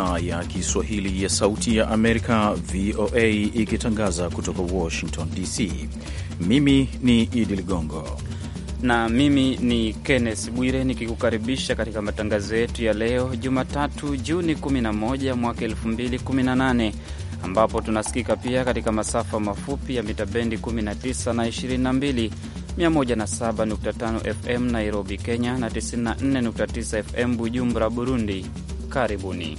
idhaa ya Kiswahili ya Sauti ya Amerika, VOA, ikitangaza kutoka Washington DC. Mimi ni Idi Ligongo na mimi ni Kenneth Bwire nikikukaribisha katika matangazo yetu ya leo Jumatatu, Juni 11 mwaka 2018 ambapo tunasikika pia katika masafa mafupi ya mita bendi 19 na 22 107.5 FM Nairobi, Kenya na 94.9 FM Bujumbura, Burundi. Karibuni.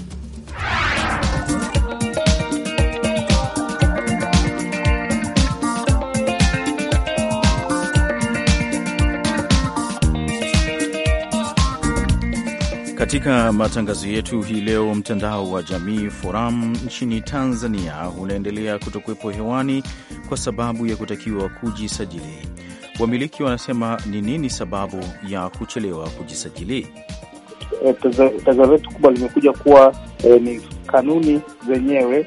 Katika matangazo yetu hii leo, mtandao wa Jamii Forum nchini Tanzania unaendelea kutokuwepo hewani kwa sababu ya kutakiwa kujisajili. Wamiliki wanasema ni nini sababu ya kuchelewa kujisajili? E, eh, tazara letu kubwa limekuja kuwa e, ni kanuni zenyewe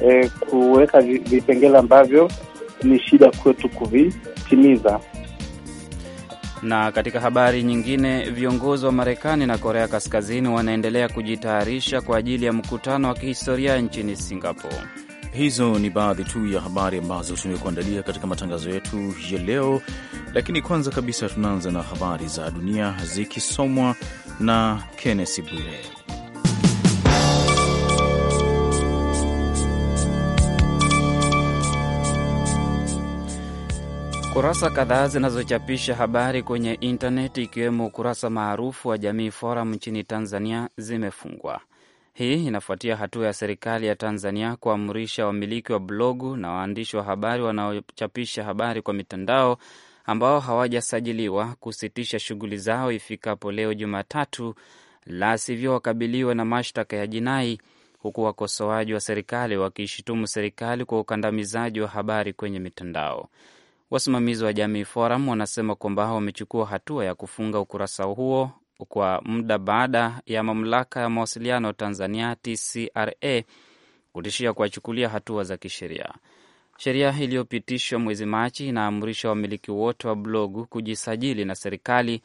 e, kuweka vipengele ambavyo ni shida kwetu kuvitimiza. Na katika habari nyingine, viongozi wa Marekani na Korea Kaskazini wanaendelea kujitayarisha kwa ajili ya mkutano wa kihistoria nchini Singapore. Hizo ni baadhi tu ya habari ambazo tumekuandalia katika matangazo yetu ya leo, lakini kwanza kabisa tunaanza na habari za dunia zikisomwa na kennesi Bwire. Kurasa kadhaa zinazochapisha habari kwenye intaneti ikiwemo ukurasa maarufu wa Jamii Forum nchini Tanzania zimefungwa. Hii inafuatia hatua ya serikali ya Tanzania kuamrisha wamiliki wa blogu na waandishi wa habari wanaochapisha habari kwa mitandao ambao hawajasajiliwa kusitisha shughuli zao ifikapo leo Jumatatu, la sivyo wakabiliwe na mashtaka ya jinai, huku wakosoaji wa serikali wakishutumu serikali kwa ukandamizaji wa habari kwenye mitandao. Wasimamizi wa Jamii Forum wanasema kwamba wamechukua hatua ya kufunga ukurasa huo kwa muda baada ya mamlaka ya mawasiliano Tanzania TCRA kutishia kuwachukulia hatua za kisheria. Sheria iliyopitishwa mwezi Machi inaamrisha wamiliki wote wa blogu kujisajili na serikali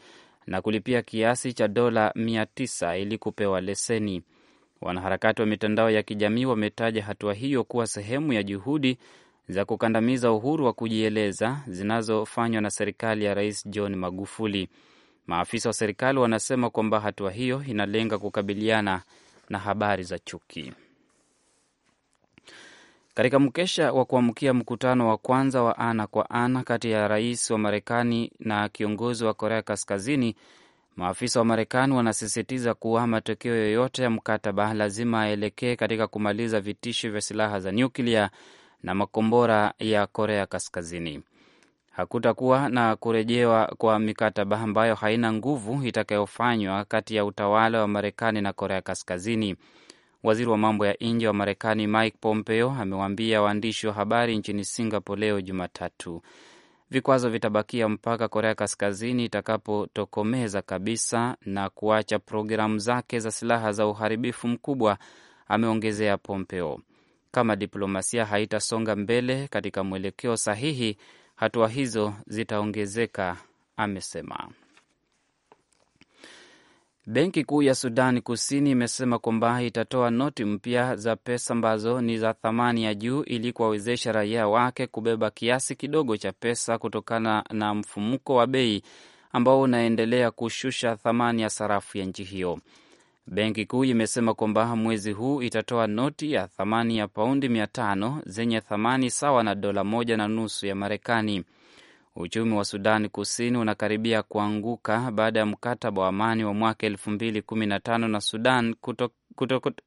na kulipia kiasi cha dola mia tisa ili kupewa leseni. Wanaharakati wa mitandao ya kijamii wametaja hatua hiyo kuwa sehemu ya juhudi za kukandamiza uhuru wa kujieleza zinazofanywa na serikali ya Rais John Magufuli. Maafisa wa serikali wanasema kwamba hatua hiyo inalenga kukabiliana na habari za chuki. Katika mkesha wa kuamkia mkutano wa kwanza wa ana kwa ana kati ya rais wa Marekani na kiongozi wa Korea Kaskazini, maafisa wa Marekani wanasisitiza kuwa matokeo yoyote ya mkataba lazima aelekee katika kumaliza vitisho vya silaha za nyuklia na makombora ya Korea Kaskazini. Hakutakuwa na kurejewa kwa mikataba ambayo haina nguvu itakayofanywa kati ya utawala wa Marekani na Korea Kaskazini. Waziri wa mambo ya nje wa Marekani Mike Pompeo amewaambia waandishi wa habari nchini Singapore leo Jumatatu, vikwazo vitabakia mpaka Korea Kaskazini itakapotokomeza kabisa na kuacha programu zake za silaha za uharibifu mkubwa, ameongezea Pompeo. Kama diplomasia haitasonga mbele katika mwelekeo sahihi, hatua hizo zitaongezeka, amesema. Benki Kuu ya Sudan Kusini imesema kwamba itatoa noti mpya za pesa ambazo ni za thamani ya juu ili kuwawezesha raia wake kubeba kiasi kidogo cha pesa kutokana na mfumuko wa bei ambao unaendelea kushusha thamani ya sarafu ya nchi hiyo. Benki Kuu imesema kwamba mwezi huu itatoa noti ya thamani ya paundi mia tano zenye thamani sawa na dola moja na nusu ya Marekani. Uchumi wa sudani Kusini unakaribia kuanguka baada ya mkataba wa amani wa mwaka elfu mbili kumi na tano na Sudan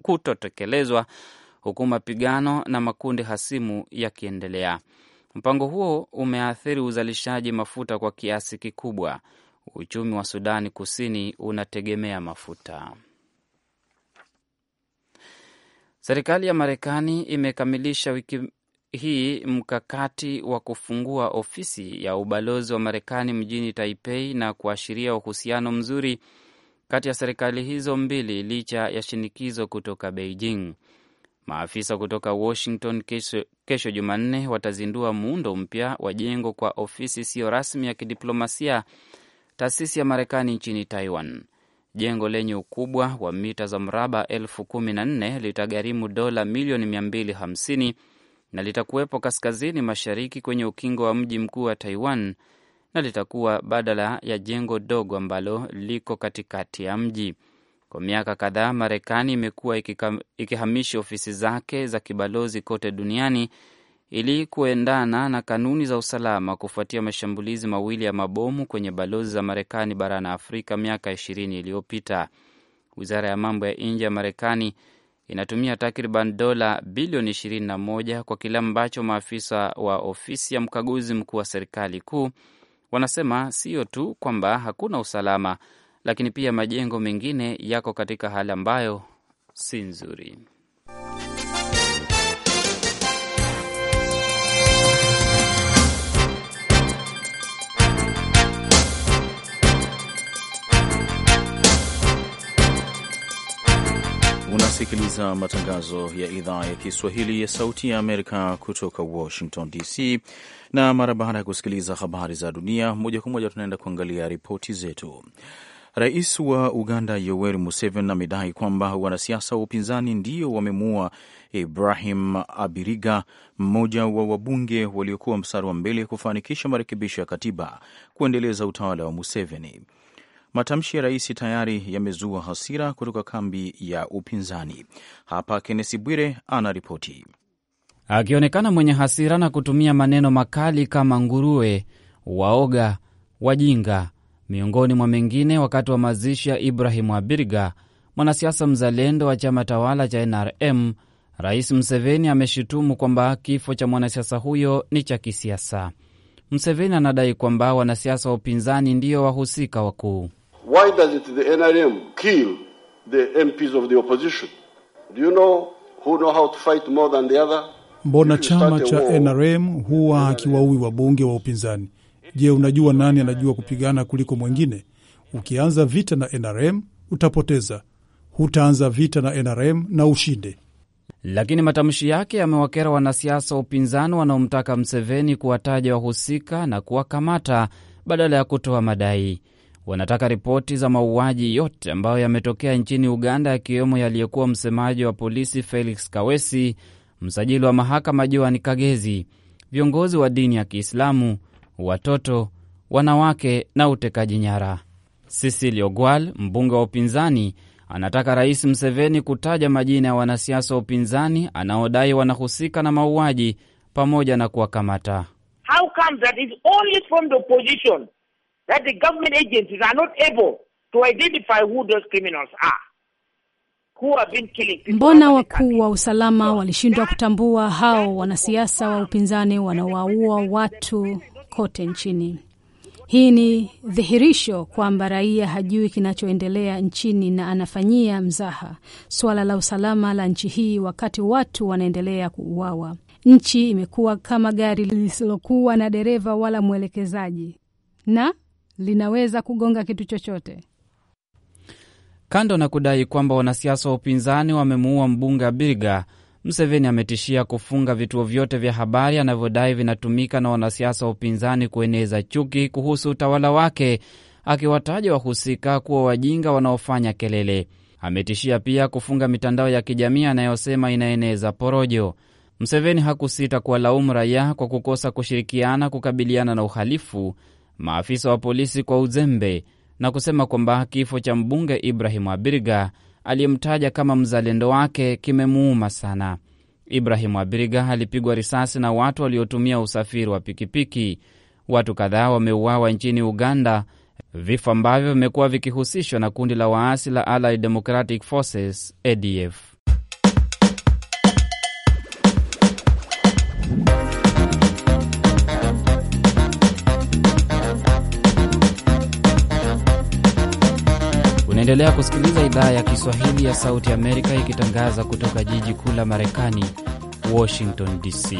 kutotekelezwa kuto, kuto huku mapigano na makundi hasimu yakiendelea. Mpango huo umeathiri uzalishaji mafuta kwa kiasi kikubwa. Uchumi wa Sudani Kusini unategemea mafuta. Serikali ya Marekani imekamilisha wiki hii mkakati wa kufungua ofisi ya ubalozi wa Marekani mjini Taipei na kuashiria uhusiano mzuri kati ya serikali hizo mbili licha ya shinikizo kutoka Beijing. Maafisa kutoka Washington kesho, kesho Jumanne watazindua muundo mpya wa jengo kwa ofisi isiyo rasmi ya kidiplomasia, taasisi ya Marekani nchini Taiwan. Jengo lenye ukubwa wa mita za mraba elfu kumi na nne litagharimu dola milioni 250 na litakuwepo kaskazini mashariki kwenye ukingo wa mji mkuu wa Taiwan na litakuwa badala ya jengo dogo ambalo liko katikati ya mji. Kwa miaka kadhaa, Marekani imekuwa ikihamisha ofisi zake za kibalozi kote duniani ili kuendana na kanuni za usalama kufuatia mashambulizi mawili ya mabomu kwenye balozi za Marekani barani Afrika miaka ishirini iliyopita. Wizara ya mambo ya nje ya Marekani inatumia takriban dola bilioni 21 kwa kile ambacho maafisa wa ofisi ya mkaguzi mkuu wa serikali kuu wanasema sio tu kwamba hakuna usalama, lakini pia majengo mengine yako katika hali ambayo si nzuri. Unasikiliza matangazo ya idhaa ya Kiswahili ya Sauti ya Amerika kutoka Washington DC, na mara baada ya kusikiliza habari za dunia moja kwa moja, tunaenda kuangalia ripoti zetu. Rais wa Uganda Yoweri Museveni amedai kwamba wanasiasa wa upinzani ndio wamemuua Ibrahim Abiriga, mmoja wa wabunge waliokuwa mstari wa mbele kufanikisha marekebisho ya katiba kuendeleza utawala wa Museveni. Matamshi ya rais tayari yamezua hasira kutoka kambi ya upinzani. Hapa Kennesi Bwire anaripoti. Akionekana mwenye hasira na kutumia maneno makali kama nguruwe, waoga, wajinga, miongoni mwa mengine, wakati wa mazishi ya Ibrahimu Abirga, mwanasiasa mzalendo wa chama tawala cha NRM, Rais Mseveni ameshutumu kwamba kifo cha mwanasiasa huyo ni cha kisiasa. Mseveni anadai kwamba wanasiasa wa upinzani ndio wahusika wakuu why does it the NRM kill the MPs of the opposition? Do you know who know how to fight more than the other? Mbona chama cha NRM huwa akiwaui wabunge wa upinzani? Je, unajua nani anajua kupigana kuliko mwingine? Ukianza vita na NRM utapoteza, hutaanza vita na NRM na ushinde. Lakini matamshi yake yamewakera wanasiasa wa upinzani wanaomtaka Mseveni kuwataja wahusika na kuwakamata badala ya kutoa madai wanataka ripoti za mauaji yote ambayo yametokea nchini Uganda, yakiwemo yaliyekuwa msemaji wa polisi Felix Kawesi, msajili wa mahakama Joan Kagezi, viongozi wa dini ya Kiislamu, watoto, wanawake na utekaji nyara. sisili Ogwal, mbunge wa upinzani, anataka Rais Mseveni kutaja majina ya wanasiasa wa upinzani anaodai wanahusika na mauaji pamoja na kuwakamata. How come that is only from the opposition that the government agencies are not able to identify who those criminals are. Mbona wakuu wa usalama walishindwa kutambua hao wanasiasa wa upinzani wanawaua watu kote nchini? Hii ni dhihirisho kwamba raia hajui kinachoendelea nchini na anafanyia mzaha suala la usalama la nchi hii, wakati watu wanaendelea kuuawa. Nchi imekuwa kama gari lisilokuwa na dereva wala mwelekezaji, na linaweza kugonga kitu chochote. Kando na kudai kwamba wanasiasa wa upinzani wamemuua mbunge Abiriga, Mseveni ametishia kufunga vituo vyote vya habari anavyodai vinatumika na wanasiasa wa upinzani kueneza chuki kuhusu utawala wake, akiwataja wahusika kuwa wajinga wanaofanya kelele. Ametishia pia kufunga mitandao ya kijamii anayosema inaeneza porojo. Mseveni hakusita kuwalaumu raia kwa kukosa kushirikiana kukabiliana na uhalifu maafisa wa polisi kwa uzembe na kusema kwamba kifo cha mbunge ibrahimu Abiriga aliyemtaja kama mzalendo wake kimemuuma sana. ibrahimu Abiriga alipigwa risasi na watu waliotumia usafiri wa pikipiki. Watu kadhaa wameuawa nchini Uganda, vifo ambavyo vimekuwa vikihusishwa na kundi la waasi la Allied Democratic Forces, ADF. Unaendelea kusikiliza idhaa ya Kiswahili ya Sauti Amerika ikitangaza kutoka jiji kuu la Marekani, Washington DC.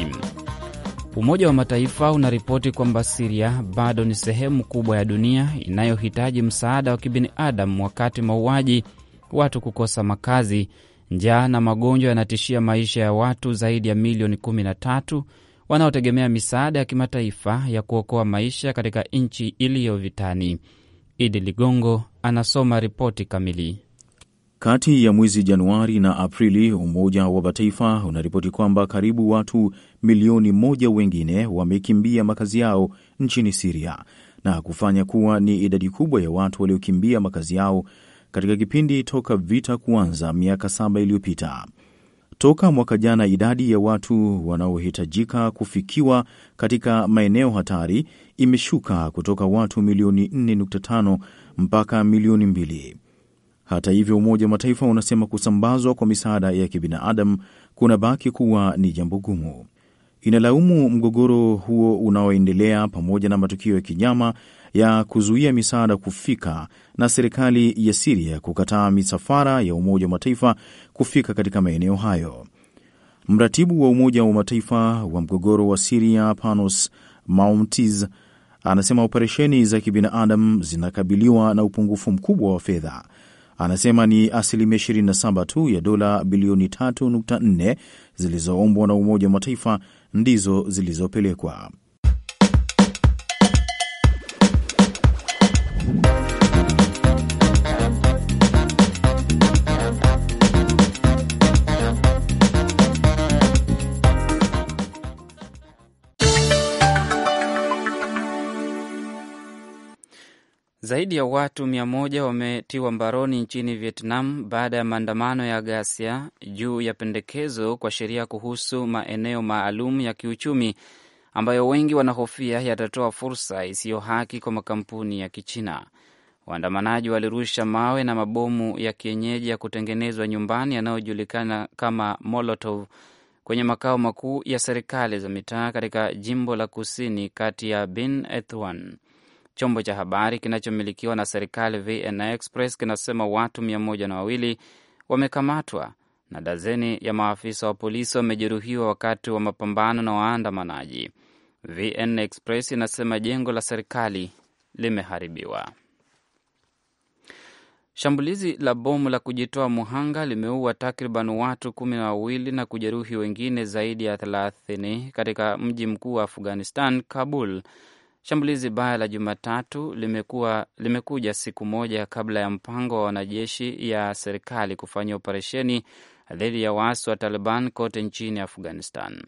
Umoja wa Mataifa unaripoti kwamba Siria bado ni sehemu kubwa ya dunia inayohitaji msaada wa kibinadamu, wakati mauaji, watu kukosa makazi, njaa na magonjwa yanatishia maisha ya watu zaidi ya milioni 13 wanaotegemea misaada ya kimataifa ya kuokoa maisha katika nchi iliyo vitani. Idi Ligongo anasoma ripoti kamili. Kati ya mwezi Januari na Aprili, Umoja wa Mataifa unaripoti kwamba karibu watu milioni moja wengine wamekimbia makazi yao nchini Siria na kufanya kuwa ni idadi kubwa ya watu waliokimbia makazi yao katika kipindi toka vita kuanza miaka saba iliyopita. Toka mwaka jana, idadi ya watu wanaohitajika kufikiwa katika maeneo hatari imeshuka kutoka watu milioni 4.5 mpaka milioni mbili. Hata hivyo, Umoja wa Mataifa unasema kusambazwa kwa misaada ya kibinadamu kuna baki kuwa ni jambo gumu. Inalaumu mgogoro huo unaoendelea pamoja na matukio ya kinyama ya kuzuia misaada kufika na serikali ya Siria kukataa misafara ya Umoja wa Mataifa kufika katika maeneo hayo. Mratibu wa Umoja wa Mataifa wa mgogoro wa Siria Panos Maumtiz Anasema operesheni za kibinadamu zinakabiliwa na upungufu mkubwa wa fedha. Anasema ni asilimia 27 tu ya dola bilioni 3.4 zilizoombwa na Umoja wa Mataifa ndizo zilizopelekwa. Zaidi ya watu mia moja wametiwa mbaroni nchini Vietnam baada ya maandamano ya ghasia juu ya pendekezo kwa sheria kuhusu maeneo maalum ya kiuchumi ambayo wengi wanahofia yatatoa fursa isiyo haki kwa makampuni ya Kichina. Waandamanaji walirusha mawe na mabomu ya kienyeji ya kutengenezwa nyumbani yanayojulikana kama molotov kwenye makao makuu ya serikali za mitaa katika jimbo la kusini kati ya Bin Ethuan. Chombo cha habari kinachomilikiwa na serikali VNA Express kinasema watu mia moja na wawili wamekamatwa na dazeni ya maafisa wa polisi wamejeruhiwa wakati wa mapambano na waandamanaji. VN Express inasema jengo la serikali limeharibiwa. Shambulizi la bomu la kujitoa muhanga limeua takriban watu kumi na wawili na kujeruhi wengine zaidi ya thelathini katika mji mkuu wa Afghanistan, Kabul, Shambulizi baya la Jumatatu limekuwa limekuja siku moja kabla ya mpango wa wanajeshi ya serikali kufanya operesheni dhidi ya waasi wa Taliban kote nchini Afghanistan.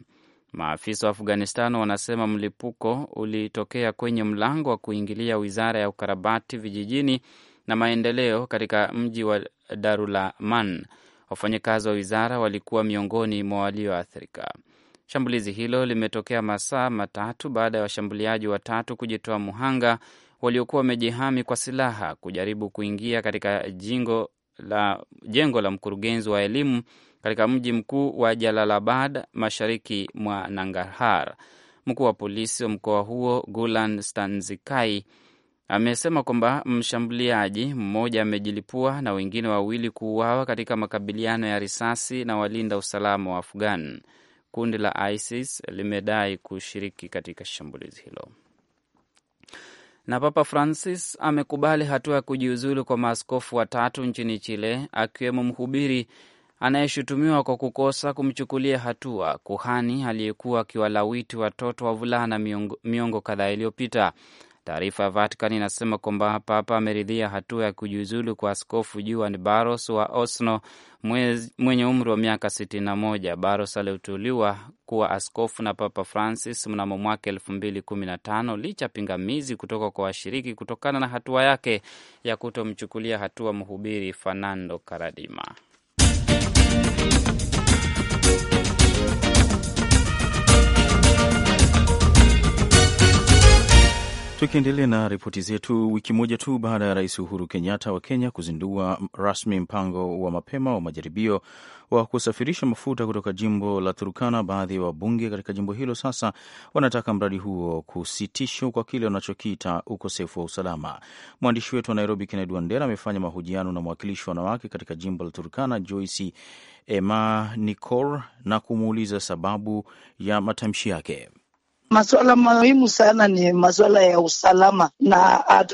Maafisa wa Afghanistan wanasema mlipuko ulitokea kwenye mlango wa kuingilia wizara ya ukarabati vijijini na maendeleo katika mji wa Darulaman. Wafanyakazi wa wizara walikuwa miongoni mwa walioathirika. Shambulizi hilo limetokea masaa matatu baada ya washambuliaji watatu kujitoa muhanga waliokuwa wamejihami kwa silaha kujaribu kuingia katika jengo la, jengo la mkurugenzi wa elimu katika mji mkuu wa Jalalabad mashariki mwa Nangarhar. Mkuu wa polisi wa mkoa huo Gulan Stanzikai amesema kwamba mshambuliaji mmoja amejilipua na wengine wawili kuuawa katika makabiliano ya risasi na walinda usalama wa Afghan. Kundi la ISIS limedai kushiriki katika shambulizi hilo. Na Papa Francis amekubali hatua ya kujiuzulu kwa maaskofu watatu nchini Chile, akiwemo mhubiri anayeshutumiwa kwa kukosa kumchukulia hatua kuhani aliyekuwa akiwalawiti watoto vulana miongo, miongo kadhaa iliyopita. Taarifa ya Vatican inasema kwamba Papa ameridhia hatua ya kujiuzulu kwa Askofu Juan Baros wa Osno mwenye umri wa miaka 61. Baros aliuteuliwa kuwa askofu na Papa Francis mnamo mwaka 2015 licha pingamizi kutoka kwa washiriki kutokana na hatua yake ya kutomchukulia hatua mhubiri Fernando Karadima. Tukiendelea na ripoti zetu, wiki moja tu baada ya Rais Uhuru Kenyatta wa Kenya kuzindua rasmi mpango wa mapema wa majaribio wa kusafirisha mafuta kutoka jimbo la Turukana, baadhi ya wa wabunge katika jimbo hilo sasa wanataka mradi huo kusitishwa kwa kile wanachokiita ukosefu wa usalama. Mwandishi wetu wa Nairobi, Kennedy Wandera, amefanya mahojiano na mwakilishi wa wanawake katika jimbo la Turukana, Joyce Emanikor, na kumuuliza sababu ya matamshi yake. Masuala muhimu sana ni masuala ya usalama, na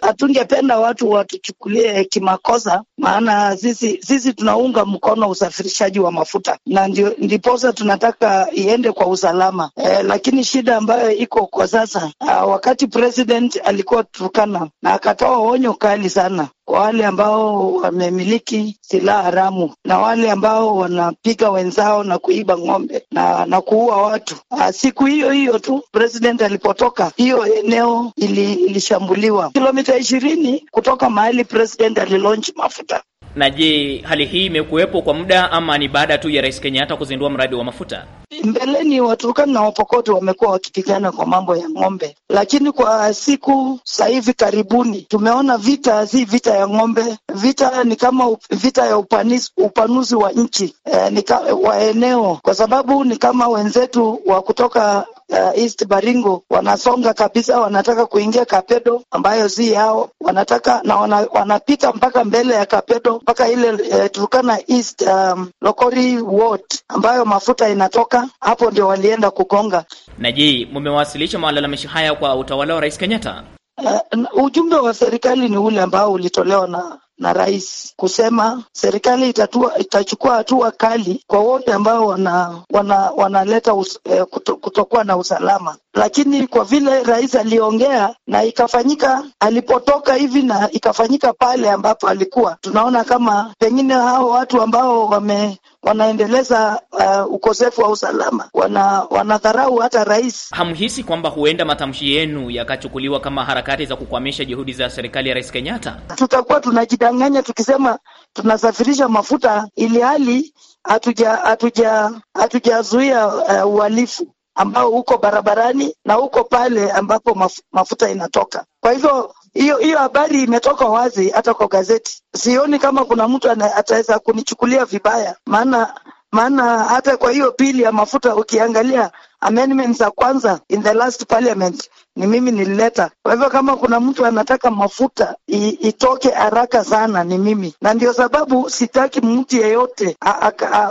hatungependa watu watuchukulie kimakosa maana sisi sisi tunaunga mkono usafirishaji wa mafuta na ndio ndiposa tunataka iende kwa usalama e, lakini shida ambayo iko kwa sasa a, ah, wakati president alikuwa Turkana na akatoa onyo kali sana kwa wale ambao wamemiliki silaha haramu na wale ambao wanapiga wenzao na kuiba ng'ombe na, na kuua watu. A, ah, siku hiyo hiyo tu president alipotoka, hiyo eneo ilishambuliwa ili kilomita ishirini kutoka mahali president alilaunch mafuta na je, hali hii imekuwepo kwa muda ama ni baada tu ya Rais Kenyatta kuzindua mradi wa mafuta? Mbeleni Waturkana na Wapokoto wamekuwa wakipigana kwa mambo ya ng'ombe, lakini kwa siku za hivi karibuni tumeona vita, si vita ya ng'ombe, vita ni kama vita ya upanis, upanuzi wa nchi e, wa eneo, kwa sababu ni kama wenzetu wa kutoka uh, East Baringo wanasonga kabisa, wanataka kuingia Kapedo ambayo si yao, wanataka na wana, wanapita mpaka mbele ya Kapedo mpaka ile uh, Turkana East um, Lokori Ward ambayo mafuta inatoka hapo, ndio walienda kugonga. Na je, mumewasilisha malalamisho haya kwa utawala wa Rais Kenyatta? Uh, ujumbe wa serikali ni ule ambao ulitolewa na na rais kusema serikali itatua, itachukua hatua kali kwa wote ambao wanaleta wana, wana eh, kuto, kutokuwa na usalama. Lakini kwa vile rais aliongea na ikafanyika alipotoka hivi na ikafanyika pale ambapo alikuwa, tunaona kama pengine hao watu ambao wame wanaendeleza uh, ukosefu wa usalama, wana wanadharau hata rais. Hamhisi kwamba huenda matamshi yenu yakachukuliwa kama harakati za kukwamisha juhudi za serikali ya Rais Kenyatta? Tutakuwa tunajidanganya tukisema tunasafirisha mafuta ili hali hatuja hatuja hatujazuia uh, uhalifu ambao uko barabarani na uko pale ambapo mafuta inatoka. Kwa hivyo hiyo hiyo habari imetoka wazi hata kwa gazeti. Sioni kama kuna mtu ataweza kunichukulia vibaya, maana maana hata kwa hiyo pili ya mafuta ukiangalia amendments za kwanza in the last parliament ni mimi nilileta. Kwa hivyo kama kuna mtu anataka mafuta i, itoke haraka sana ni mimi, na ndio sababu sitaki mtu yeyote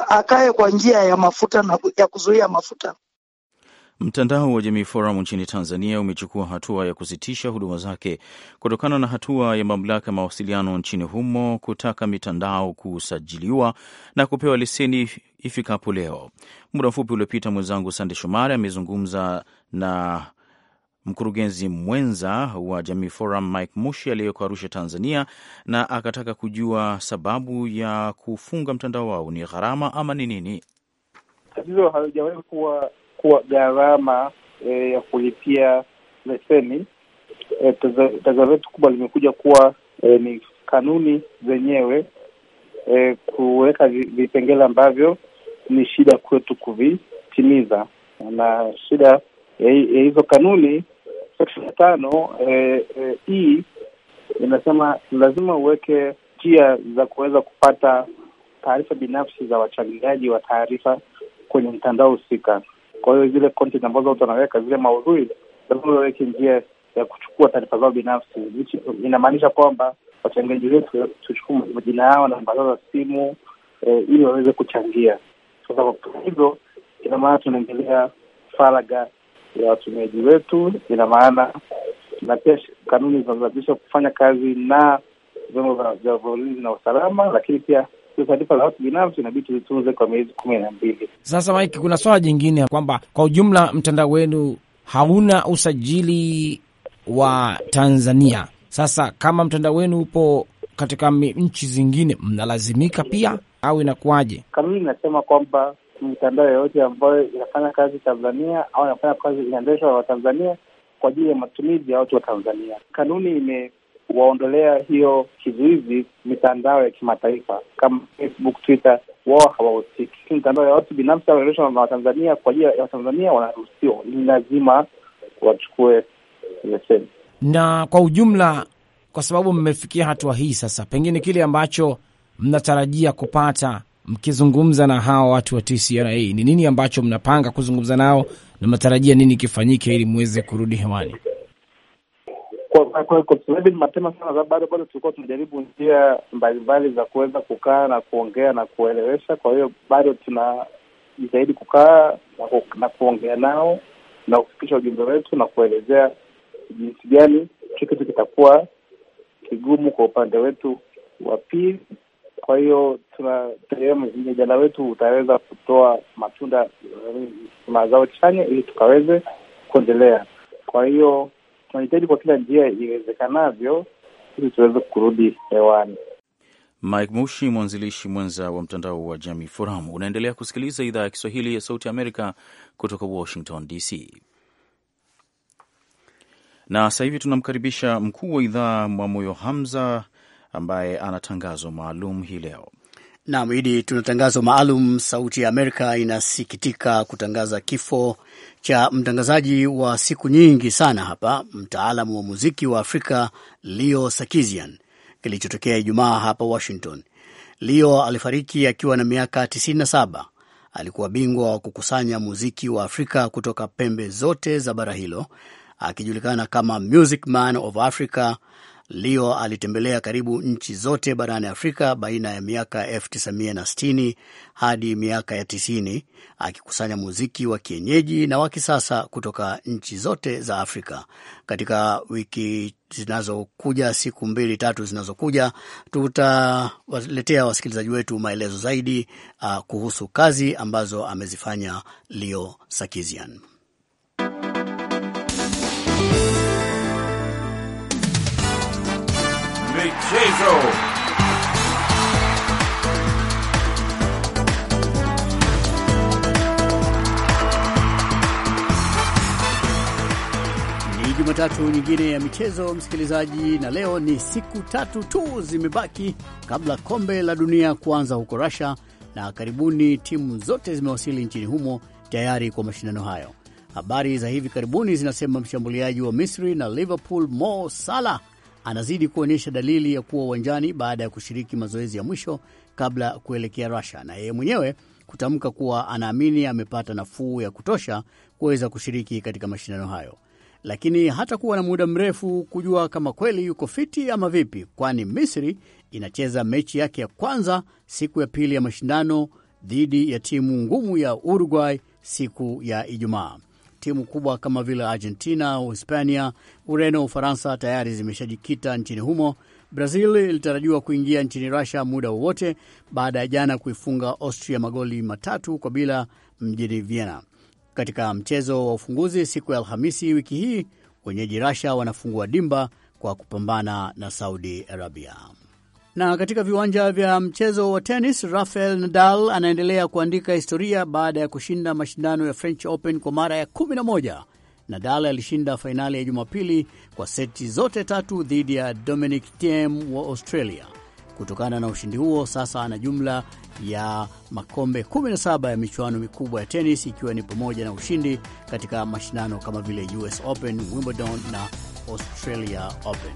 akae kwa njia ya mafuta na ya kuzuia mafuta. Mtandao wa Jamii Forum nchini Tanzania umechukua hatua ya kusitisha huduma zake kutokana na hatua ya mamlaka ya mawasiliano nchini humo kutaka mitandao kusajiliwa na kupewa leseni ifikapo leo. Muda mfupi uliopita, mwenzangu Sande Shomari amezungumza na mkurugenzi mwenza wa Jamii Forum Mike Mushi aliyeko Arusha, Tanzania, na akataka kujua sababu ya kufunga mtandao wao ni gharama ama ni nini. Tatizo halijawahi kuwa kuwa gharama e, ya kulipia leseni e, eh, tatizo letu kubwa limekuja kuwa e, ni kanuni zenyewe e, kuweka vipengele ambavyo ni shida kwetu kuvitimiza, na shida ya hizo kanuni section ya tano e, e, hii inasema lazima uweke njia za kuweza kupata taarifa binafsi za wachangiaji wa taarifa kwenye mtandao husika. Kwa hiyo zile content ambazo watu wanaweka zile maudhui, lazima waweke njia ya kuchukua taarifa zao binafsi. Inamaanisha kwamba wachangiaji wetu tuchukua majina yao, namba zao za simu, e, ili waweze kuchangia. Sasa kwa hivyo, ina maana tunaingilia faraga ya watumiaji wetu, ina maana na pia kanuni zinazolazimisha kufanya kazi na vyombo vya ulinzi na usalama, lakini pia hiyo taarifa za watu binafsi inabidi tuzitunze kwa miezi kumi na mbili. Sasa Mike, kuna swala jingine kwamba kwa ujumla mtandao wenu hauna usajili wa Tanzania. Sasa kama mtandao wenu upo katika nchi zingine, mnalazimika pia au inakuwaje? Kanuni inasema kwamba mitandao yoyote ambayo inafanya kazi Tanzania au inafanya kazi inaendeshwa Watanzania kwa ajili ya matumizi ya watu wa Tanzania. Kanuni ime kuwaondolea hiyo kizuizi mitandao ya kimataifa kama Facebook, Twitter. Wao hawahusiki. Mitandao ya watu binafsi aoeshwa na Watanzania kwa ajili ya Watanzania wanaruhusiwa, ni lazima wachukue leseni. Na kwa ujumla, kwa sababu mmefikia hatua hii sasa, pengine kile ambacho mnatarajia kupata mkizungumza na hawa watu wa TCRA ni nini ambacho mnapanga kuzungumza nao na mnatarajia nini kifanyike ili mweze kurudi hewani? ni mapema sana, sababu bado bado tulikuwa tunajaribu njia mbalimbali za kuweza kukaa na kuongea na kuelewesha. Kwa hiyo bado tunajitahidi kukaa na kuongea nao na kufikisha ujumbe wetu na kuelezea jinsi gani hicho kitu kitakuwa kigumu kwa upande wetu wa pili. Kwa hiyo tunategemea mjadala wetu utaweza kutoa matunda, eh, mazao chanya, ili tukaweze kuendelea. Kwa hiyo tunajitahidi kwa kila njia iwezekanavyo ili tuweze kurudi hewani. Mike Mushi, mwanzilishi mwenza wa mtandao wa Jamii Forum. Unaendelea kusikiliza idhaa ya Kiswahili ya Sauti ya Amerika kutoka Washington DC, na sasa hivi tunamkaribisha mkuu wa idhaa Mwamoyo Hamza ambaye anatangazo maalum hii leo. Naam, Idi, tuna tangazo maalum. Sauti ya Amerika inasikitika kutangaza kifo cha mtangazaji wa siku nyingi sana hapa, mtaalamu wa muziki wa Afrika Leo Sakizian, kilichotokea Ijumaa hapa Washington. Leo alifariki akiwa na miaka 97. Alikuwa bingwa wa kukusanya muziki wa Afrika kutoka pembe zote za bara hilo, akijulikana kama Music Man of Africa Leo alitembelea karibu nchi zote barani Afrika baina ya miaka 1960 hadi miaka ya 90 akikusanya muziki wa kienyeji na wa kisasa kutoka nchi zote za Afrika. Katika wiki zinazokuja, siku mbili tatu zinazokuja, tutawaletea wasikilizaji wetu maelezo zaidi uh, kuhusu kazi ambazo amezifanya Leo Sarkisian. ni Jumatatu nyingine ya michezo msikilizaji, na leo ni siku tatu tu zimebaki kabla kombe la dunia kuanza huko Russia, na karibuni timu zote zimewasili nchini humo tayari kwa mashindano hayo. Habari za hivi karibuni zinasema mshambuliaji wa Misri na Liverpool Mo Salah anazidi kuonyesha dalili ya kuwa uwanjani baada ya kushiriki mazoezi ya mwisho kabla kuelekea Russia na yeye mwenyewe kutamka kuwa anaamini amepata nafuu ya kutosha kuweza kushiriki katika mashindano hayo, lakini hatakuwa na muda mrefu kujua kama kweli yuko fiti ama vipi, kwani Misri inacheza mechi yake ya kwanza siku ya pili ya mashindano dhidi ya timu ngumu ya Uruguay siku ya Ijumaa timu kubwa kama vile Argentina, Uhispania, Ureno, Ufaransa tayari zimeshajikita nchini humo. Brazil ilitarajiwa kuingia nchini rusia muda wowote baada ya jana kuifunga Austria magoli matatu kwa bila mjini Vienna. Katika mchezo wa ufunguzi siku ya Alhamisi wiki hii, wenyeji Russia wanafungua dimba kwa kupambana na Saudi Arabia. Na katika viwanja vya mchezo wa tenis, Rafael Nadal anaendelea kuandika historia baada ya kushinda mashindano ya French Open kwa mara ya 11. Nadal alishinda fainali ya Jumapili kwa seti zote tatu dhidi ya Dominic Thiem wa Australia. Kutokana na ushindi huo, sasa ana jumla ya makombe 17 ya michuano mikubwa ya tenis, ikiwa ni pamoja na ushindi katika mashindano kama vile US Open, Wimbledon na Australia Open.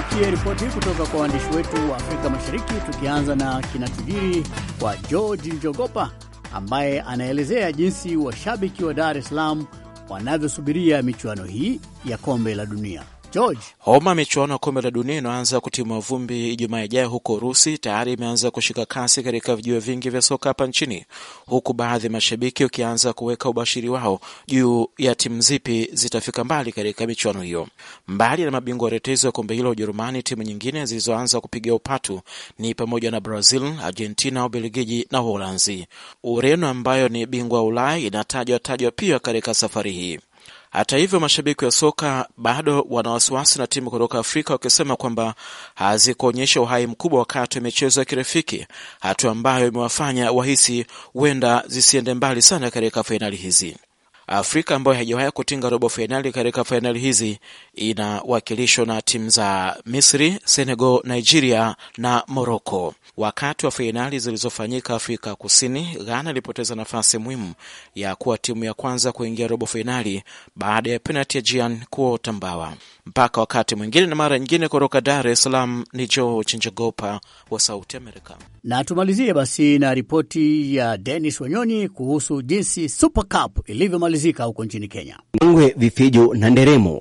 tugeukie ripoti kutoka kwa waandishi wetu wa Afrika Mashariki, tukianza na kinachojiri kwa George Njogopa ambaye anaelezea jinsi washabiki wa Dar es Salaam wanavyosubiria michuano hii ya kombe la dunia. George. Homa michuano ya kombe la dunia inaanza kutimua vumbi Ijumaa ijayo huko Urusi tayari imeanza kushika kasi katika vijiwe vingi vya soka hapa nchini, huku baadhi ya mashabiki wakianza kuweka ubashiri wao juu ya timu zipi zitafika mbali katika michuano hiyo. Mbali na mabingwa watetezi wa kombe hilo Ujerumani, timu nyingine zilizoanza kupiga upatu ni pamoja na Brazil, Argentina, Ubelgiji na Uholanzi. Ureno ambayo ni bingwa wa Ulaya inatajwa tajwa pia katika safari hii. Hata hivyo, mashabiki wa soka bado wana wasiwasi na timu kutoka Afrika, wakisema kwamba hazikuonyesha uhai mkubwa wakati wa michezo ya kirafiki, hatua ambayo imewafanya wahisi huenda zisiende mbali sana katika fainali hizi. Afrika ambayo haijawahi kutinga robo fainali katika fainali hizi inawakilishwa na timu za Misri, Senegal, Nigeria na Morocco. Wakati wa fainali zilizofanyika Afrika Kusini, Ghana ilipoteza nafasi muhimu ya kuwa timu ya kwanza kuingia robo fainali baada ya penalti ya Gian Claude mpaka wakati mwingine na mara nyingine, kutoka Dar es Salaam ni George Njogopa wa Sauti Amerika. Na tumalizie basi na ripoti ya Denis Wanyonyi kuhusu jinsi Super Cup ilivyomalizika huko nchini Kenya. Ngwe, vifijo na nderemo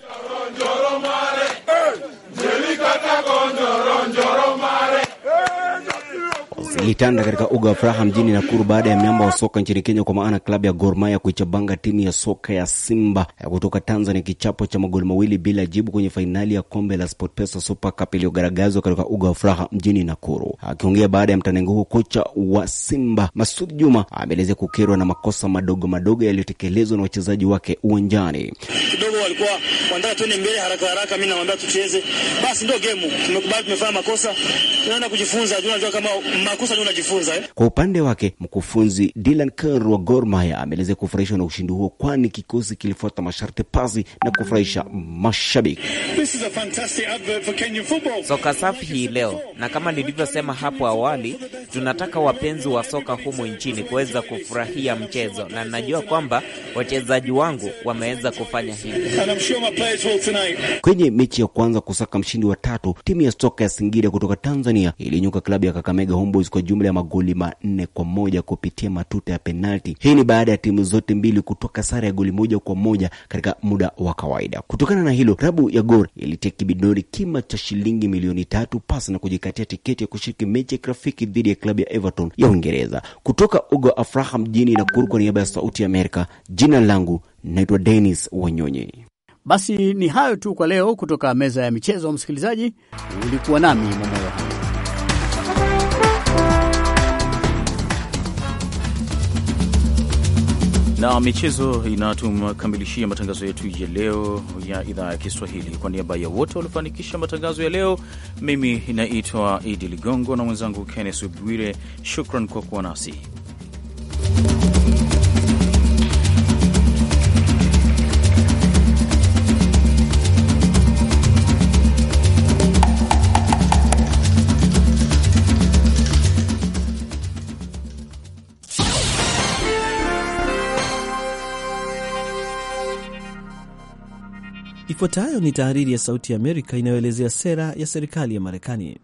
litanda katika uga wa furaha mjini Nakuru baada ya miamba wa soka nchini Kenya kwa maana klabu ya Gor Mahia kuichabanga timu ya soka ya Simba kutoka Tanzania kichapo cha magoli mawili bila jibu kwenye fainali ya kombe la SportPesa Super Cup iliyogaragazwa katika uga wa furaha mjini Nakuru. Akiongea baada ya mtanengo huo, kocha wa Simba Masud Juma ameelezea kukerwa na makosa madogo madogo yaliyotekelezwa na wachezaji wake uwanjani. Kidogo walikuwa wanataka tuende mbele haraka haraka, mimi nawaambia tucheze basi, ndio game. Tumekubali tumefanya makosa, tunaenda kujifunza, tunajua kama ndio unajifunza eh? Kwa upande wake mkufunzi Dylan Kerr wa Gor Mahia ameelezea kufurahishwa na ushindi huo, kwani kikosi kilifuata masharti pasi na kufurahisha mashabiki. Soka safi hii leo, na kama nilivyosema hapo awali, tunataka wapenzi wa soka humu nchini kuweza kufurahia mchezo, na najua kwamba wachezaji wangu wameweza kufanya hivi. Kwenye mechi ya kwanza kusaka mshindi wa tatu, timu ya soka ya Singida kutoka Tanzania ilinyuka klabu ya Kakamega Homeboys kwa jumla ya magoli manne kwa moja kupitia matuta ya penalti. Hii ni baada ya timu zote mbili kutoka sare ya goli moja kwa moja katika muda wa kawaida. Kutokana na hilo, klabu ya Gor ilitia kibidori kima cha shilingi milioni tatu pasi na kujikatia tiketi ya kushiriki mechi ya kirafiki dhidi ya klabu ya Everton ya Uingereza. Kutoka ugo Afraha mjini na kuru kwa niaba ya Sauti ya Amerika, jina langu naitwa denis Wanyonyi. Basi ni hayo tu kwa leo kutoka meza ya michezo. Msikilizaji, ulikuwa nami mamaya na michezo inatumkamilishia matangazo yetu ya leo ya idhaa ya Kiswahili. Kwa niaba ya wote waliofanikisha matangazo ya leo, mimi naitwa Idi Ligongo na mwenzangu Kennes Bwire. Shukran kwa kuwa nasi. Ifuatayo ni tahariri ya Sauti ya Amerika inayoelezea sera ya serikali ya Marekani.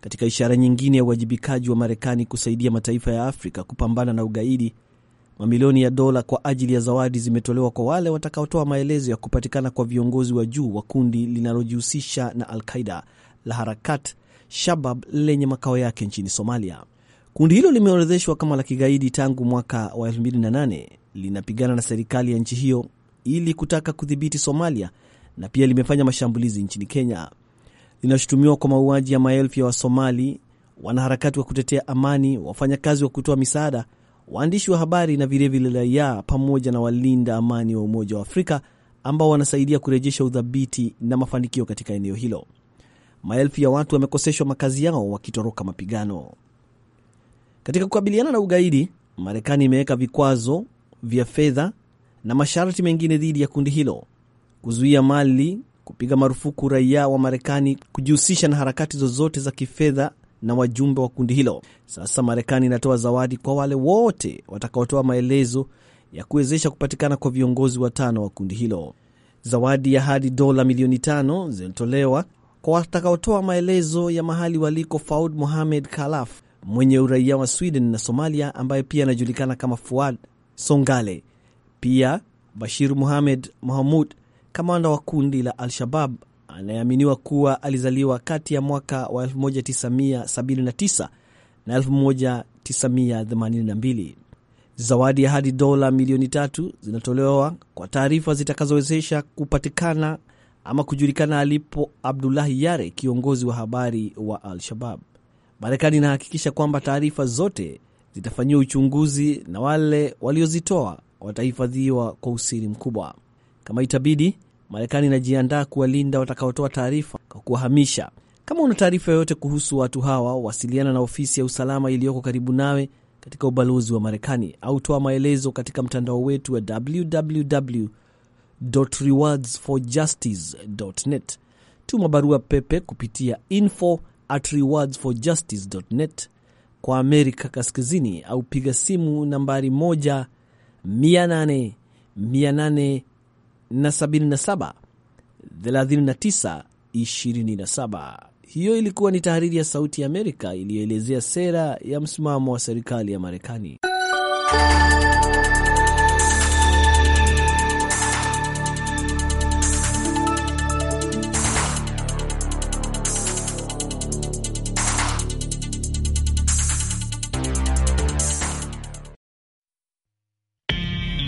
Katika ishara nyingine ya uwajibikaji wa Marekani kusaidia mataifa ya Afrika kupambana na ugaidi, mamilioni ya dola kwa ajili ya zawadi zimetolewa kwa wale watakaotoa maelezo ya kupatikana kwa viongozi wa juu wa kundi linalojihusisha na Al-Qaida la Harakat Shabab lenye makao yake nchini Somalia. Kundi hilo limeorodheshwa kama la kigaidi tangu mwaka wa 2008. Linapigana na serikali ya nchi hiyo ili kutaka kudhibiti Somalia na pia limefanya mashambulizi nchini Kenya. Linashutumiwa kwa mauaji ya maelfu ya Wasomali, wanaharakati wa kutetea amani, wafanyakazi wa kutoa misaada, waandishi wa habari na vilevile raia, pamoja na walinda amani wa Umoja wa Afrika ambao wanasaidia kurejesha udhabiti na mafanikio katika eneo hilo. Maelfu ya watu wamekoseshwa makazi yao wakitoroka mapigano. Katika kukabiliana na ugaidi, Marekani imeweka vikwazo vya fedha na masharti mengine dhidi ya kundi hilo kuzuia mali, kupiga marufuku raia wa Marekani kujihusisha na harakati zozote za kifedha na wajumbe wa kundi hilo. Sasa Marekani inatoa zawadi kwa wale wote watakaotoa maelezo ya kuwezesha kupatikana kwa viongozi watano wa kundi hilo. Zawadi ya hadi dola milioni tano zinatolewa kwa watakaotoa maelezo ya mahali waliko faud Mohamed Khalaf mwenye uraia wa Sweden na Somalia, ambaye pia anajulikana kama Fuad Songale. Pia Bashir Mohamed Mahamud kamanda wa kundi la Al-Shabab anayeaminiwa kuwa alizaliwa kati ya mwaka wa 1979 na 1982. Zawadi ya hadi dola milioni tatu zinatolewa kwa taarifa zitakazowezesha kupatikana ama kujulikana alipo Abdulahi Yare, kiongozi wa habari wa Al-Shabab. Marekani inahakikisha kwamba taarifa zote zitafanyiwa uchunguzi na wale waliozitoa watahifadhiwa kwa usiri mkubwa. Kama itabidi, Marekani inajiandaa kuwalinda watakaotoa taarifa kwa kuwahamisha. Kama una taarifa yoyote kuhusu watu hawa, wasiliana na ofisi ya usalama iliyoko karibu nawe katika ubalozi wa Marekani au toa maelezo katika mtandao wetu wa www rewardsforjustice.net. Tuma barua pepe kupitia info at net kwa Amerika Kaskazini au piga simu nambari 1 800 800 na Hiyo ilikuwa ni tahariri ya Sauti ya Amerika iliyoelezea sera ya msimamo wa serikali ya Marekani.